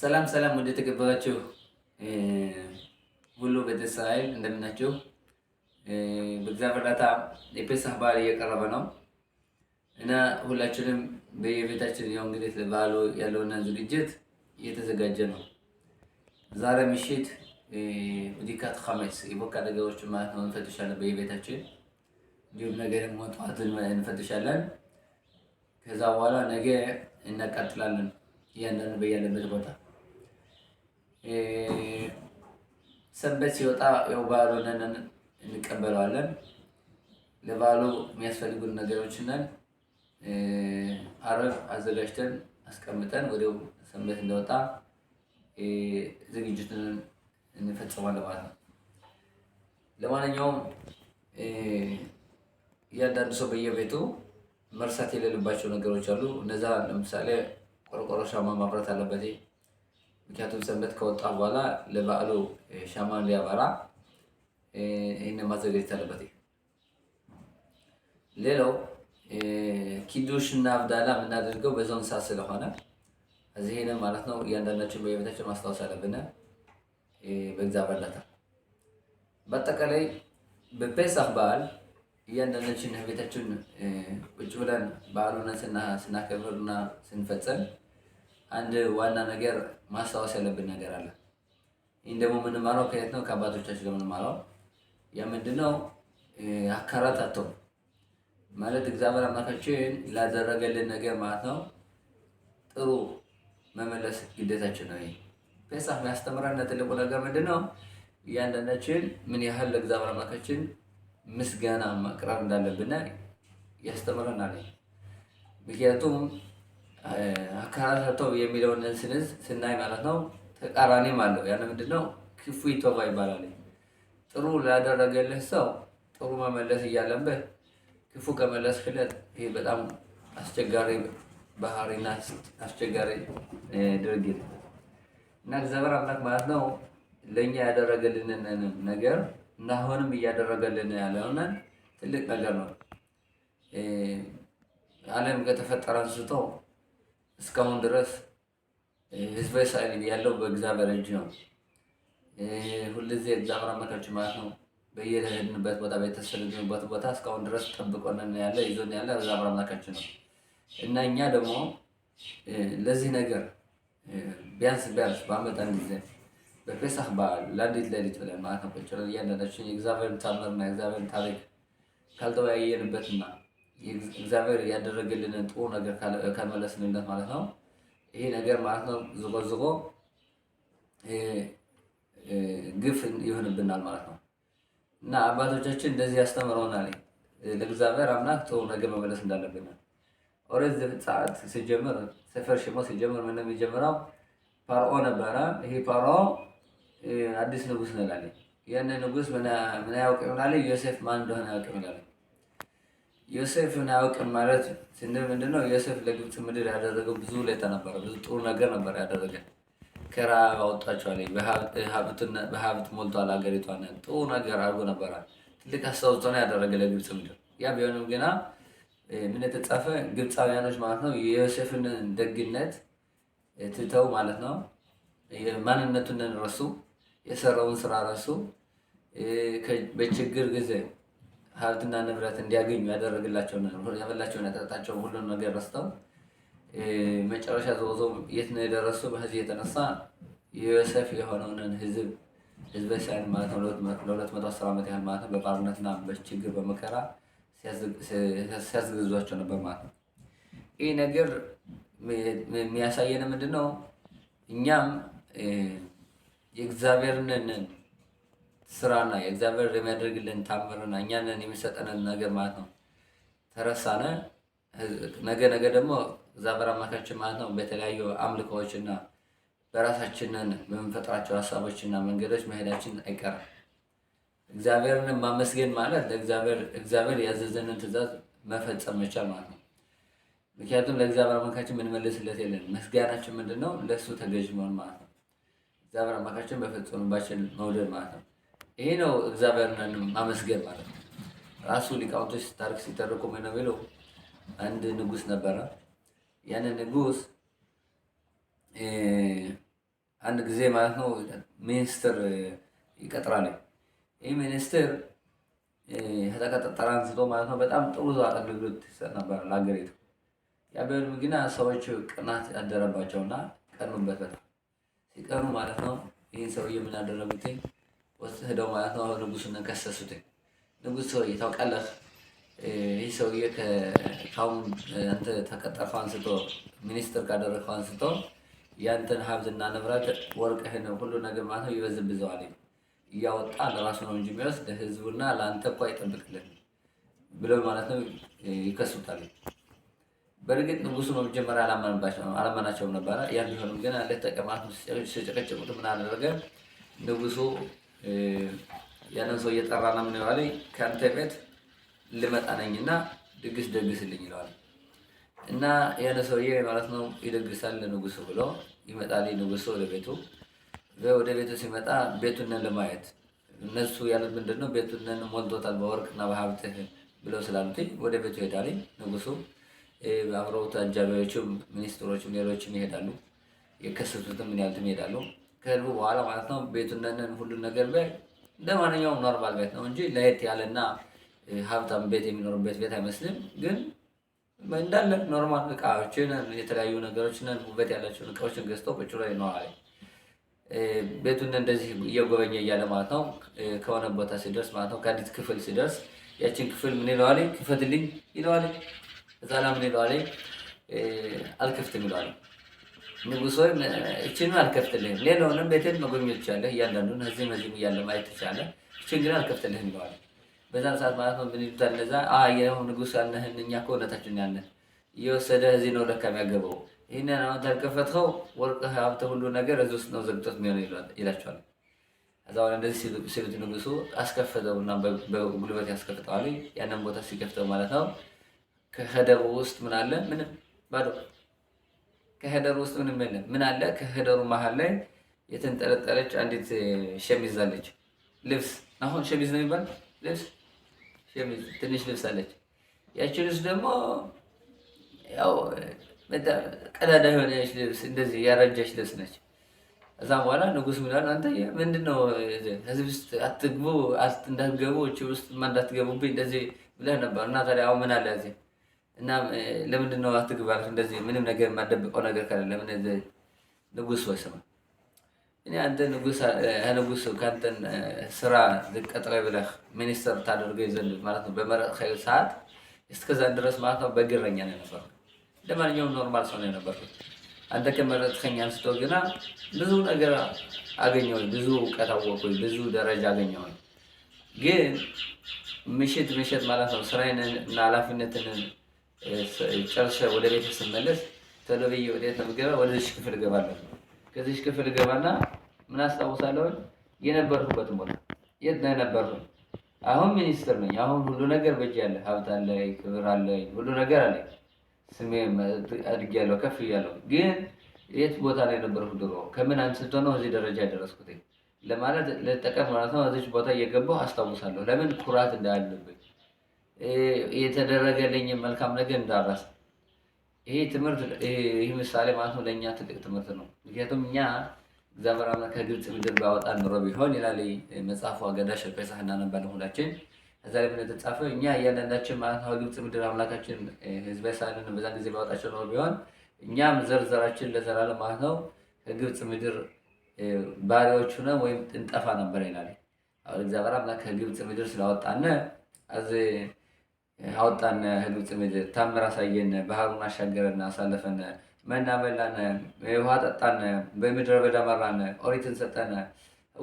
ሰላም ሰላም፣ ወደ ተገበራችሁ ሁሉ በተስራኤል እንደምናችሁ። በእግዚአብሔር እርዳታ የፔሳህ በዓል እየቀረበ ነው እና ሁላችንም በየቤታችን ያው እንግዲህ ለበዓሉ ያለውና ዝግጅት እየተዘጋጀ ነው። ዛሬ ምሽት ውዲካት ኸመስ የቦካ ነገሮች ማለት ነው እንፈትሻለን በየቤታችን። እንዲሁም ነገ ደግሞ ጠዋት እንፈትሻለን። ከዛ በኋላ ነገ እናቃጥላለን እያንዳንዱ በያለበት ቦታ ሰንበት ሲወጣ ያው በዓሉን እንቀበለዋለን። ለበዓሉ የሚያስፈልጉን ነገሮችን አረፍ አዘጋጅተን አስቀምጠን ወዲያው ሰንበት እንደወጣ ዝግጅትን እንፈጽማለን ማለት ነው። ለማንኛውም እያንዳንዱ ሰው በየቤቱ መርሳት የሌለባቸው ነገሮች አሉ። እነዛ ለምሳሌ ቆርቆሮ ሻማ ማብራት አለበት። ምክንያቱም ሰንበት ከወጣ በኋላ ለበዓሉ ሻማን ሊያበራ ይህን ማዘጋጀት አለበት። ሌላው ኪዱሽ እና አብዳላ የምናደርገው በዞን ሳ ስለሆነ እዚህ ማለት ነው። እያንዳንዳችን በየቤታችን ማስታወስ አለብን። በእግዚአብሔር ለታ በአጠቃላይ በፔሳህ በዓል እያንዳንዳችን ቤታችን ቁጭ ብለን በዓሉን ስናከብርና ስንፈጸም አንድ ዋና ነገር ማስታወስ ያለብን ነገር አለ። ይህን ደግሞ የምንማረው ከየት ነው? ከአባቶቻችን ለምንማረው የምንድነው? አካላት አተው ማለት እግዚአብሔር አምላካችን ላደረገልን ነገር ማለት ነው ጥሩ መመለስ ግዴታችን ነው። ይሄ ፔሳህ የሚያስተምረን ትልቁ ነገር ምንድነው? እያንዳንዳችን ምን ያህል ለእግዚአብሔር አምላካችን ምስጋና ማቅረብ እንዳለብን ያስተምረናል። ምክንያቱም አካላት ሰጥተው የሚለውን ስንዝ ስናይ ማለት ነው ተቃራኒም አለው። ያን ምንድን ነው ክፉ ይተባ ይባላል። ጥሩ ላደረገልህ ሰው ጥሩ መመለስ እያለብህ ክፉ ከመለስክለት ይህ በጣም አስቸጋሪ ባህሪና አስቸጋሪ ድርጊት እና እግዚአብሔር አምላክ ማለት ነው ለእኛ ያደረገልንን ነገር እና አሁንም እያደረገልን ያለውን ትልቅ ነገር ነው። ዓለም ከተፈጠረ አንስቶ እስካሁን ድረስ ህዝበ እስራኤል ያለው በእግዚአብሔር እጅ ነው። ሁልጊዜ እግዚአብሔር አምላካችን ማለት ነው በየሄድንበት ቦታ በተሰለድንበት ቦታ እስካሁን ድረስ ጠብቆንን ያለ ይዞን ያለ እግዚአብሔር አምላካችን ነው እና እኛ ደግሞ ለዚህ ነገር ቢያንስ ቢያንስ በዓመት አንድ ጊዜ በፔሳህ በዓል ለአንዲት ለሊት ብለን ማለት ነው እያንዳንዳችን የእግዚአብሔርን ታምርና የእግዚአብሔርን ታሪክ ካልተወያየንበትና እግዚአብሔር ያደረገልንን ጥሩ ነገር ከመለስንለት ማለት ነው። ይሄ ነገር ማለት ነው ዝቆ ዝቆ ግፍ ይሆንብናል ማለት ነው። እና አባቶቻችን እንደዚህ ያስተምረውናል። ለእግዚአብሔር አምላክ ጥሩ ነገር መመለስ እንዳለብን ኦሬት ሰዓት ሲጀምር ሰፈር ሽሞ ሲጀምር ምን የሚጀምረው ፓርኦ ነበረ። ይሄ ፓርኦ አዲስ ንጉስ ነላለ። ያን ንጉስ ምን ያውቅ ይሆናል? ዮሴፍ ማን እንደሆነ ያውቅ ይሆናል ዮሴፍን አያውቅም ማለት ስንል ምንድን ዮሴፍ ለግብፅ ምድር ያደረገው ብዙ ሌታ ነበረ። ብዙ ጥሩ ነገር ነበር ያደረገ። ከረሃብ አወጣቸዋል፣ በሀብት ሞልቷል ሀገሪቷን። ጥሩ ነገር አድርጎ ነበረ። ትልቅ አስተዋጽኦ ነው ያደረገ ለግብፅ ምድር። ያ ቢሆንም ግና ምን የተጻፈ ግብፃውያኖች ማለት ነው የዮሴፍን ደግነት ትተው ማለት ነው ማንነቱን ረሱ፣ የሰራውን ስራ ረሱ። በችግር ጊዜ ሀብትና ንብረት እንዲያገኙ ያደረግላቸውን ያበላቸውን ያጠጣቸውን ሁሉን ነገር ረስተው መጨረሻ ዘወዘው የት ነው የደረሱ? በህዝብ የተነሳ የዮሴፍ የሆነውን ህዝብ ህዝበ እስራኤል ማለት ነው ለሁለት መቶ አስር ዓመት ያህል ማለት ነው በባርነትና በችግር በመከራ ሲያዝግዟቸው ነበር ማለት ነው። ይህ ነገር የሚያሳየን ምንድን ነው? እኛም የእግዚአብሔርንን ስራና የእግዚአብሔር የሚያደርግልን ታምርና እኛንን የሚሰጠንን ነገር ማለት ነው። ተረሳነ ነገ ነገ ደግሞ እግዚአብሔር አምላካችን ማለት ነው በተለያዩ አምልኮዎችና በራሳችንን በምንፈጥራቸው ሀሳቦችና መንገዶች መሄዳችን አይቀርም። እግዚአብሔርን ማመስገን ማለት ለእግዚአብሔር ያዘዘንን ትእዛዝ መፈጸም መቻል ማለት ነው። ምክንያቱም ለእግዚአብሔር አምላካችን ምንመልስለት የለን። ምስጋናችን ምንድን ነው? ለእሱ ተገዥ መሆን ማለት ነው። እግዚአብሔር አምላካችን በፈጸሙባችን መውደድ ማለት ነው። ይሄ ነው እግዚአብሔርን ማመስገን ማለት ነው። ራሱ ሊቃውንቶች ታሪክ ሲተርኩ ነው የሚለው አንድ ንጉስ ነበረ። ያን ንጉስ አንድ ጊዜ ማለት ነው ሚኒስትር ይቀጥራል። ይህ ሚኒስትር ከተቀጠጠረ አንስቶ ማለት ነው በጣም ጥሩ አገልግሎት ይሰጥ ነበር ለሀገሪቱ። ያ ቢሆንም ግን ሰዎች ቅናት ያደረባቸውና ቀኑበት። በጣም ሲቀኑ ማለት ነው ይህን ሰውዬ ምን ወስደው ማለት ነው ንጉሱን ከሰሱት። ንጉስ ሰውዬ ታውቃለህ፣ ይህ ሰውዬ ከሁን አንተ ተቀጠርፈው አንስቶ ሚኒስትር ካደረግፈው አንስቶ ያንተን ሀብትና ንብረት ወርቅህን ሁሉ ነገር ማለት ነው ይበዝብዘዋል። እያወጣ ለራሱ ነው እንጂ የሚወስድ ህዝቡና ለአንተ እኮ አይጠብቅልን ብለው ማለት ነው ይከሱታል። በእርግጥ ንጉሱ በመጀመሪያ አላመናቸውም ነበረ። ያን ቢሆንም ግን አለ ተቀማት ስጨቀጭቁት ምን አደረገ ንጉሱ ያንን ሰው እየጠራና ምን ይለዋለኝ ከአንተ ቤት ልመጣ ነኝና ድግስ ደግስልኝ ይለዋል። እና ያለ ሰውዬ ማለት ነው ይደግሳል ለንጉሱ ብሎ ይመጣል። ንጉሱ ወደ ቤቱ ወደ ቤቱ ሲመጣ ቤቱን ለማየት እነሱ ያሉት ምንድን ነው ቤቱንን ሞልቶታል በወርቅና በሀብትህ ብለው ስላሉት ወደ ቤቱ ይሄዳል። ንጉሱ አብረው አጃቢዎቹም፣ ሚኒስትሮችም፣ ሌሎችም ይሄዳሉ። የከሰቱትም ምን ያሉትም ይሄዳሉ። ከሄድኩ በኋላ ማለት ነው ቤቱነንን ሁሉን ነገር ላይ ለማንኛውም ኖርማል ቤት ነው እንጂ ለየት ያለና ሀብታም ቤት የሚኖርበት ቤት አይመስልም። ግን እንዳለ ኖርማል እቃዎችን የተለያዩ ነገሮችን ውበት ያላቸውን እቃዎችን ገዝቶ ቁጭ ብሎ ይኖራል። ቤቱን እንደዚህ እየጎበኘ እያለ ማለት ነው ከሆነ ቦታ ሲደርስ ማለት ነው ከአንዲት ክፍል ሲደርስ ያችን ክፍል ምን ይለዋል? ክፈትልኝ ይለዋል። እዛላ ምን ይለዋል? አልክፍትም ይለዋል። ንጉሥ ሆይ እችን አልከፍትልህም፣ ሌላውንም ቤትን መጎብኘት ትችላለህ፣ እያንዳንዱን ህዝብ ህዝብ እያለ ማየት ትችላለህ፣ እችን ግን አልከፍትልህም ይለዋል። በዛን ሰዓት ማለት ነው ምን ይሉታል? እነዛ የው ንጉሥ ያልነህን እኛ እኮ እውነታችን ያለን እየወሰደ እዚህ ነው ለካ የሚያገበው ይህንን አሁን ታልከፈትኸው ወርቅ ሀብተ ሁሉ ነገር እዚህ ውስጥ ነው ዘግቶት የሚሆነ ይላቸዋል። እዛ ሁ እንደዚህ ሲሉት ንጉሱ አስከፈተው እና በጉልበት ያስከፍተዋል። ያንን ቦታ ሲከፍተው ማለት ነው ከደቡ ውስጥ ምን ምንም ባዶ ከህደር ውስጥ ምንም የለም። ምን አለ? ከህደሩ መሀል ላይ የተንጠለጠለች አንዲት ሸሚዝ አለች። ልብስ አሁን ሸሚዝ ነው የሚባል ልብስ፣ ሸሚዝ ትንሽ ልብስ አለች። ያቺ ልብስ ደግሞ ያው ቀዳዳ የሆነች ልብስ፣ እንደዚህ ያረጃች ልብስ ነች። እዛ በኋላ ንጉስ ምላል አንተ ምንድነው ህዝብ ውስጥ አትግቡ እንዳትገቡ፣ ውጭ ውስጥ እንዳትገቡብኝ እንደዚህ ብለህ ነበር እና ታዲያ አሁን ምን አለ እዚህ እና ለምንድን ነው አትግባል? እንደዚህ ምንም ነገር የማደብቀው ነገር ካለ ለምን ንጉስ ወይ ስማ፣ እኔ አንተ ንጉስ ንጉስ ከአንተን ስራ ዝቀጥረ ብለህ ሚኒስተር ታደርገው ይዘል ማለት ነው በመረጥ ከይል ሰዓት እስከዛ ድረስ ማለት ነው በግረኛ ነው ነበር። ለማንኛውም ኖርማል ሰው ነው የነበር። አንተ ከመረጥከኝ አንስቶ ግና ብዙ ነገር አገኘሁኝ፣ ብዙ እውቀት አወቅኩኝ፣ ብዙ ደረጃ አገኘሁኝ። ግን ምሽት ምሽት ማለት ነው ስራዬን እና ኃላፊነትን ጨርሼ ወደ ቤት ስመለስ ቶሎ ብዬ ወዴት ነው የምገባ? ወደዚህ ክፍል እገባለሁ። ከዚህ ክፍል እገባና ምን አስታውሳለሁኝ? የነበርኩበት ቦታ የት ነው የነበርኩ? አሁን ሚኒስትር ነኝ። አሁን ሁሉ ነገር በጅ ያለ ሀብት አለ፣ ክብር አለ፣ ሁሉ ነገር አለ። ስሜ አድጌያለሁ፣ ከፍ እያለሁ። ግን የት ቦታ ላይ ነበርኩ ድሮ? ከምን አንስቶ ነው እዚህ ደረጃ ያደረስኩት? ለማለት ልጠቀም ማለት ነው። እዚች ቦታ እየገባሁ አስታውሳለሁ። ለምን ኩራት እንዳለብኝ የተደረገልኝ መልካም ነገር እንዳረስ ይሄ ትምህርት ይህ ምሳሌ ማለት ነው። ለእኛ ትልቅ ትምህርት ነው። ምክንያቱም እኛ እግዚአብሔር አምላክ ከግብፅ ምድር ባወጣ ኑሮ ቢሆን ይላል መጽሐፉ አገዳሽ ርቀሳህ እናነባለን ሁላችን ከዛ ላይ እንደተጻፈ እኛ እያንዳንዳችን ማለት ነው ግብፅ ምድር አምላካችን ህዝበ እስራኤልን በዛ ጊዜ ባወጣቸው ኑሮ ቢሆን እኛም ዘርዘራችን ለዘላለም ማለት ነው ከግብፅ ምድር ባሪያዎች ሆነን ወይም እንጠፋ ነበር ይላል። አሁን እግዚአብሔር አምላክ ከግብፅ ምድር ስላወጣነ አዚ አወጣን እህል ጽምድ ታምር አሳየን፣ ባህሩን አሻገረን አሳለፈን፣ መና በላን፣ ውሃ ጠጣን፣ በምድረ በዳ መራን፣ ኦሪትን ሰጠን፣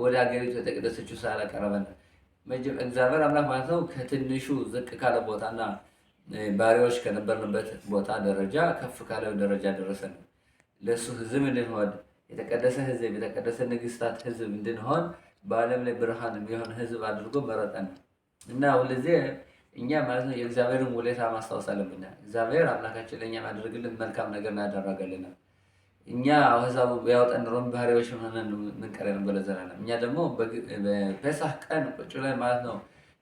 ወደ ሀገሪቱ የተቀደሰችው ሳህል ቀረበን። እግዚአብሔር አምላክ ማለት ነው ከትንሹ ዝቅ ካለ ቦታና ባሪያዎች ከነበርንበት ቦታ ደረጃ ከፍ ካለ ደረጃ ደረሰን። ለእሱ ህዝብ እንድንሆን የተቀደሰ ህዝብ የተቀደሰ ንግስታት ህዝብ እንድንሆን በዓለም ላይ ብርሃን የሚሆን ህዝብ አድርጎ መረጠን እና ሁልጊዜ እኛ ማለት ነው የእግዚአብሔርን ውለታ ማስታወስ አለብን። እግዚአብሔር አምላካችን ለእኛ ያደረግልን መልካም ነገር እናደረገልናል። እኛ ህዛቡ ያወጠን ሮም ባህሪዎች ሆነን ምንቀረ ነበረ ዘላለም። እኛ ደግሞ በፔሳህ ቀን ቁጭ ላይ ማለት ነው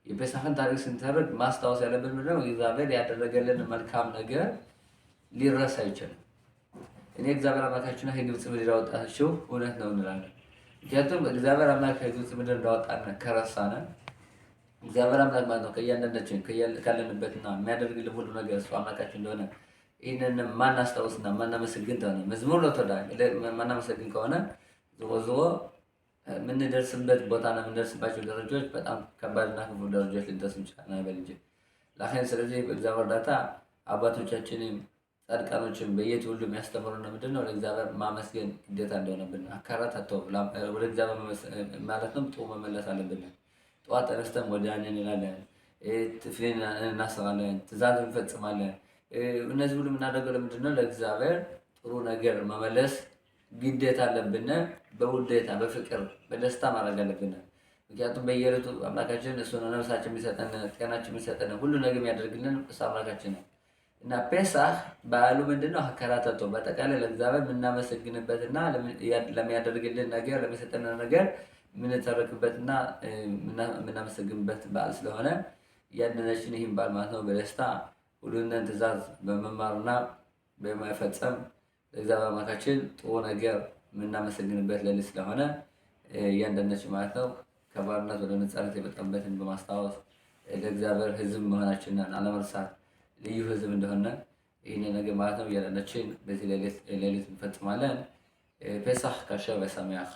የፔሳህን ታሪክ ስንተርግ ማስታወስ ያለብን ምንድን ነው? እግዚአብሔር ያደረገልን መልካም ነገር ሊረሳ አይችልም። እኔ እግዚአብሔር አምላካችን ከግብፅ ምድር ያወጣችሁ እውነት ነው እንላለን። ምክንያቱም እግዚአብሔር አምላክ ከግብፅ ምድር እንዳወጣን ከረሳነን እግዚአብሔር አምላክ ማለት ነው ከእያንዳንዳችን ካለንበትና የሚያደርግልን ሁሉ ነገር እሱ አምላካችን እንደሆነ ይህንን ማናስታውስና ማናመሰግን ከሆነ መዝሙር ለተወዳ ማናመሰግን ከሆነ ዝቦ ዝቦ የምንደርስበት ቦታ ና የምንደርስባቸው ደረጃዎች በጣም ከባድና ክፉ ደረጃዎች ልንደርስ እንችላለን። አይበል እንጂ ላን ስለዚህ በእግዚአብሔር እርዳታ አባቶቻችንም ጻድቃኖችን በየትውልዱ የሚያስተምሩን ምንድን ነው? ለእግዚአብሔር ማመስገን ግዴታ እንደሆነብን አካራት አተው ወደ እግዚአብሔር ማለት ነው ጥሩ መመለስ አለብን። ጠዋት ተነስተን ወዲያን እንላለን፣ ጥፍሬን እናሰራለን፣ ትእዛዝ እንፈጽማለን። እነዚህ ሁሉ የምናደርገው ለምንድን ነው? ለእግዚአብሔር ጥሩ ነገር መመለስ ግዴታ አለብን። በውዴታ በፍቅር በደስታ ማድረግ አለብን። ምክንያቱም በየለቱ አምላካችን እሱ ነው ነፍሳችን የሚሰጠን ጤናችን የሚሰጠን ሁሉ ነገር የሚያደርግልን እሱ አምላካችን ነው እና ፔሳህ በዓሉ ምንድነው? አከራተቶ በአጠቃላይ ለእግዚአብሔር የምናመሰግንበትና ለሚያደርግልን ነገር ለሚሰጠን ነገር የምንተረክበትና የምናመሰግንበት በዓል ስለሆነ እያደነችን ይህም በዓል ማለት ነው በደስታ ሁሉንን ትእዛዝ በመማርና በማይፈጸም እግዚአብሔር አምላካችን ጥሩ ነገር የምናመሰግንበት ሌሊት ስለሆነ እያንዳንዳችን ማለት ነው ከባርነት ወደ ነፃነት የመጣበትን በማስታወስ ለእግዚአብሔር ሕዝብ መሆናችንን አለመርሳት ልዩ ሕዝብ እንደሆነ ይህን ነገር ማለት ነው እያንዳንዳችን በዚህ ሌሊት እንፈጽማለን። ፔሳህ ካሸር በሰሚያህ